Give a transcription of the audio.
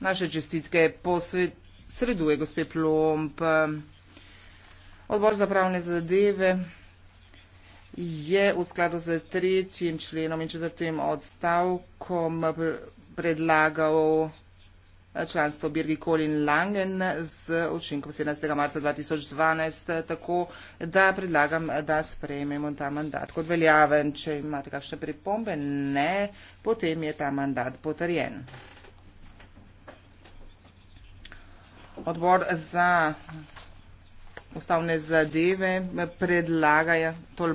Naše čestitke posreduje gospe Plomp. Odbor za pravne zadeve je v skladu z tretjim členom in četrtim odstavkom predlagal članstvo Birgi Kolin Langen z učinkom 17. marca 2012, tako da predlagam, da sprejmemo ta mandat kot veljaven. Če imate kakšne pripombe, ne, potem je ta mandat potrjen. Odbor za ustavne zadeve predlaga ja, tolmačenje.